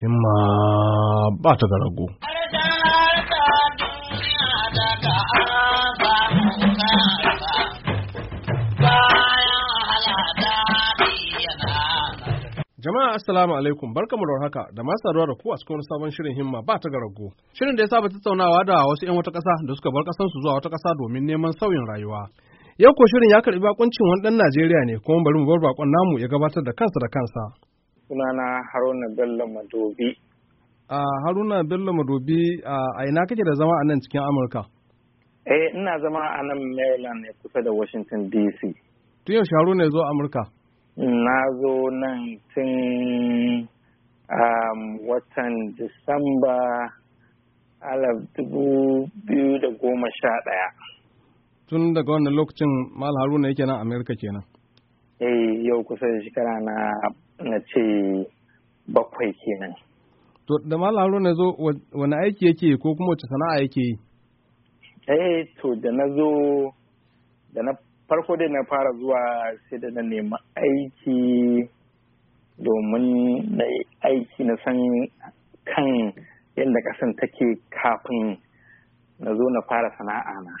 himma ba ta garago. Jama'a Assalamu alaikum barkamu da haka da masu saduwa da ku a cikin sabon shirin himma ba ta garago. Shirin da ya saba tattaunawa da wasu 'yan wata ƙasa da suka bar ƙasansu zuwa wata ƙasa domin neman sauyin rayuwa. Yau ko shirin ya karɓi bakuncin wani ɗan Najeriya ne kuma bari mu bar bakon namu ya gabatar da kansa da kansa. sunana haruna bello madobi a ah, haruna bello madobi ah, a ina kake da zama a nan cikin amurka eh ina zama a nan maryland ne kusa da washington dc tun yaushe haruna ya zo amurka na zo nan tun um, watan disamba alaf dubu biyu da goma sha ɗaya tun daga wannan lokacin mal haruna yake nan amurka kenan eh yau kusa da shekara na na ce bakwai kenan to da malam haruna zo wani aiki yake ko kuma wace sana'a yake yi eh to da na zo da na farko dai na fara zuwa sai da na nemi aiki domin na aiki na san kan yadda kasan take kafin na zo na fara sana'a na.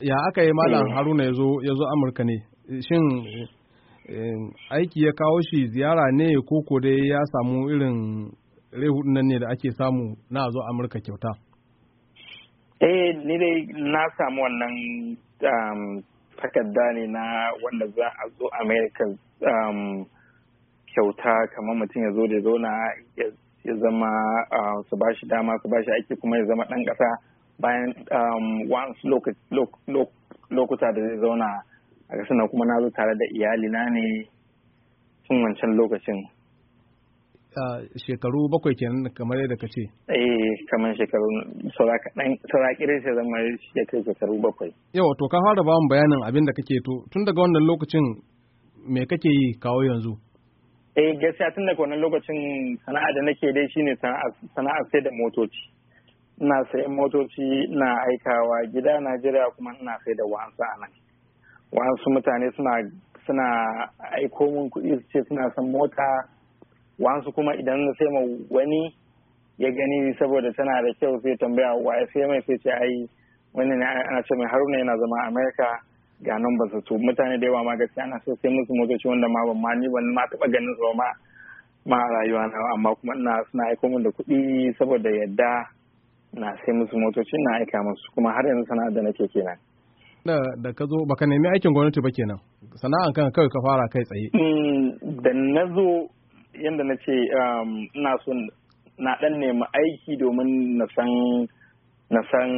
Ya aka yi Malam eh. Haruna ya zo Amurka ne shin eh, aiki ya kawo shi ziyara ne ko ko dai ya samu irin rehudun nan ne da ake samu na zo amurka kyauta eh ni dai na samu wannan um, takarda ne na wanda za a zo Amurka um, kyauta kamar mutum ya zo da zauna ya zama uh, su ba shi dama su ba shi aiki kuma ya zama ɗan ƙasa bayan um, wasu lokuta da zai zauna a kasan nan kuma na zo tare da iyalina ne tun wancan lokacin shekaru bakwai kenan kamar yadda ka ce. Eh kamar shekaru saurakirin shi zama ya kai shekaru bakwai. Yau to ka fara bamu bayanin abin da kake to tun daga wannan lokacin me kake yi kawo yanzu? Eh gaskiya tun daga wannan lokacin sana'a da nake dai shine sana'a sai da motoci. Ina sayan motoci ina aikawa gida Najeriya kuma ina sai da wa'ansa a nan. wasu mutane suna suna aiko mun kuɗi su ce suna son mota wasu kuma idan na sai ma wani ya gani saboda tana da kyau sai tambaya wa ya sai mai sai ce ai wani ne ana ce mai haruna yana zama Amerika ga nan ba su mutane da yawa ma gaskiya ana so sai musu motoci wanda ma ban ma ni ban ma taɓa ganin su ma ma rayuwa na amma kuma ina suna aiko mun da kuɗi saboda yadda na sai musu motoci na aika musu kuma har yanzu sana'ar da nake kenan da da ka zo baka nemi aikin gwamnati ba kenan sana'an kan kawai ka fara kai tsaye mm, da na zo yadda na ce um, ina so na dan nemi aiki domin na san na san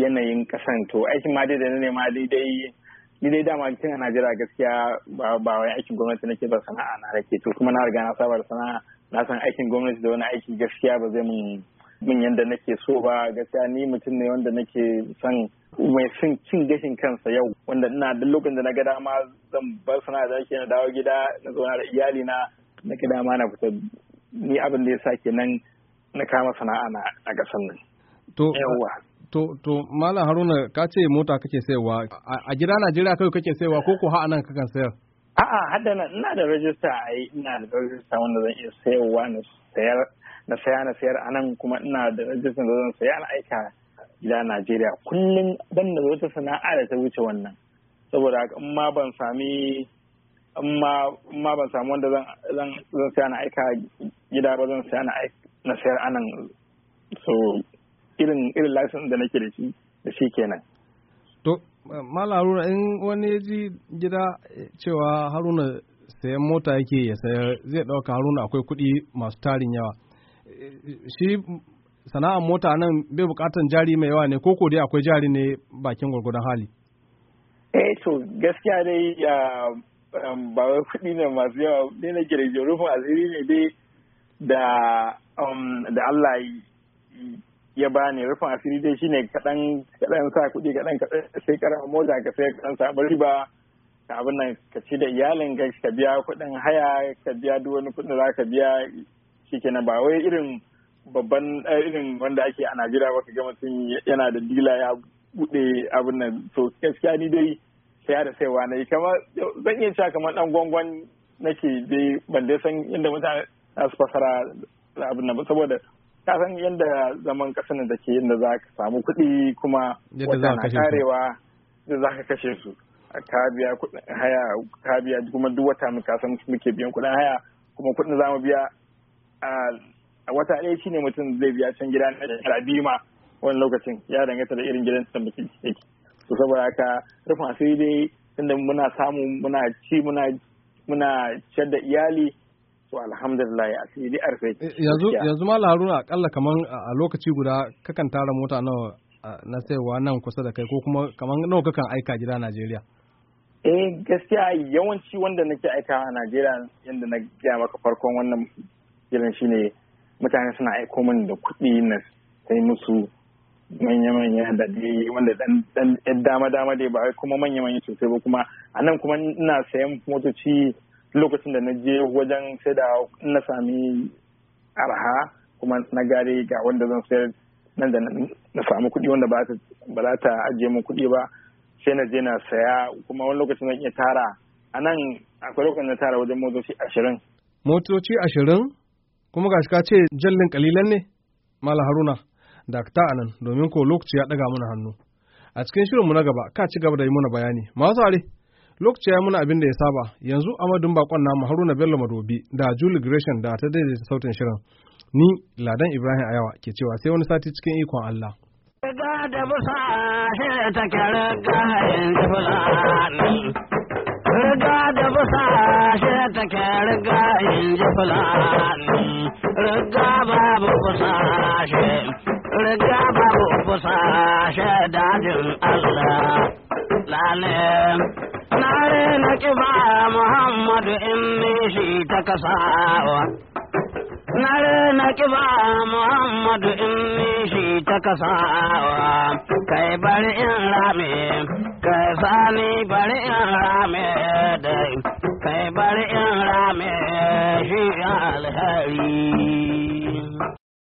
yanayin kasan to aikin ma dai da na nema daidai ni dai dama cikin a Najeriya gaskiya ba wai aikin gwamnati nake ba sana'a na rake to kuma na riga na saba da sana'a na san aikin gwamnati da wani aiki gaskiya ba zai mun min yadda nake so ba gaskiya ni mutum ne wanda nake son mai son cin gashin kansa yau wanda ina duk lokacin da na ga dama zan bar sana'a da ake na dawo gida na zauna da iyali na na ga dama na fita ni abin da ya sa nan na kama sana'a na a kasan nan to yawa to to malam haruna ka ce mota kake sayarwa a gida najeriya kai kake sayarwa ko ko ha anan kakan sayar a'a hadda ina da rajista a ina da rajista wanda zan iya sayarwa na sayar na saya na sayar a nan kuma ina da rajistan da zan saya na aika gida Najeriya kullum ban da wata sana'a da ta wuce wannan saboda in ma ban sami in ma ban samu wanda zan saya na aika gida ba zan saya na sayar a nan so irin irin license da nake da shi da shi kenan to malarura in wani ya ji gida cewa haruna sayan mota yake ya sayar zai ɗauka haruna akwai kuɗi masu tarin yawa shi sana'ar mota nan bai bukatan jari mai yawa ne ko ko dai akwai jari ne bakin gwargwadon hali eh to gaskiya dai um, ba wai kuɗi ne masu yawa ne na rufin asiri ne dai da um, Allah ya bani rufin asiri dai shine kadan kaɗan sa kuɗi kaɗan sai karan mota ka sai kaɗan sabon riba ka abin nan ka ci da iyalin ka biya kuɗin haya ka biya duwani wani kuɗin za ka biya gaske kenan ba wai irin babban eh, irin wanda ake a Najeriya ba ga mutum yana da dila ya bude abin nan to gaskiya ni dai sai da saiwa na yi kamar zan iya cewa kamar dan gwangwan nake dai ban dai san yadda mutane za su fasara abin nan ba saboda ka san yadda zaman kasar da ke yadda za ka samu kuɗi kuma wata na karewa da za ka kashe su ka biya haya ka biya kuma duk wata mu ka san muke biyan kuɗin haya kuma kuɗin za mu biya a wata ɗaya shine mutum zai biya can gida na shekara biyu ma wani lokacin ya danganta da irin gidan da mutum yake to saboda haka rufin asiri dai inda muna samu muna ci muna muna ciyar da iyali to alhamdulillah ya asiri dai arfe eh, yanzu yanzu ma haruna akalla kaman a lokaci guda kakan tara mota nawa na sayarwa nan kusa da kai ko kuma kaman nawa kakan aika gida Najeriya eh gaskiya yawanci wanda nake aika a Najeriya yadda na gaya maka farkon wannan kiran ne mutane suna aiko min da kuɗi na sai musu manya-manya da dai wanda dan dama-dama dai ba kuma manya-manya sosai ba kuma a nan kuma ina sayan motoci lokacin da na je wajen sai da na sami arha kuma na gare ga wanda zan sayar nan da na samu kuɗi wanda ba za ta ajiye mu kuɗi ba sai na je na saya kuma wani lokacin na iya tara a nan akwai lokacin na tara wajen motoci ashirin. Motoci ashirin? kuma gashi ka ce jallin kalilan ne mala haruna da ta anan domin ko lokaci ya ɗaga mana hannu a cikin shirin shirinmu na gaba ka ci gaba da yi mana bayani masu are lokaci ya muna abin da ya saba yanzu amadun bakon namu haruna bello madobi da julie gresham da ta daidaita sautin shirin ni ladan ibrahim ayawa ke cewa sai wani sati cikin ikon allah da musa shi ta yin gahayin riga da busa ta ke riga in ji fulani riga babu busa shi riga babu busa shi dajin Allah lale nare na kiba Muhammadu in ne shi ta kasawa nare na kiba Muhammadu in ne shi ta kasa kai bari in rame kai sani bari in rame dai kai bari in rame shi alhari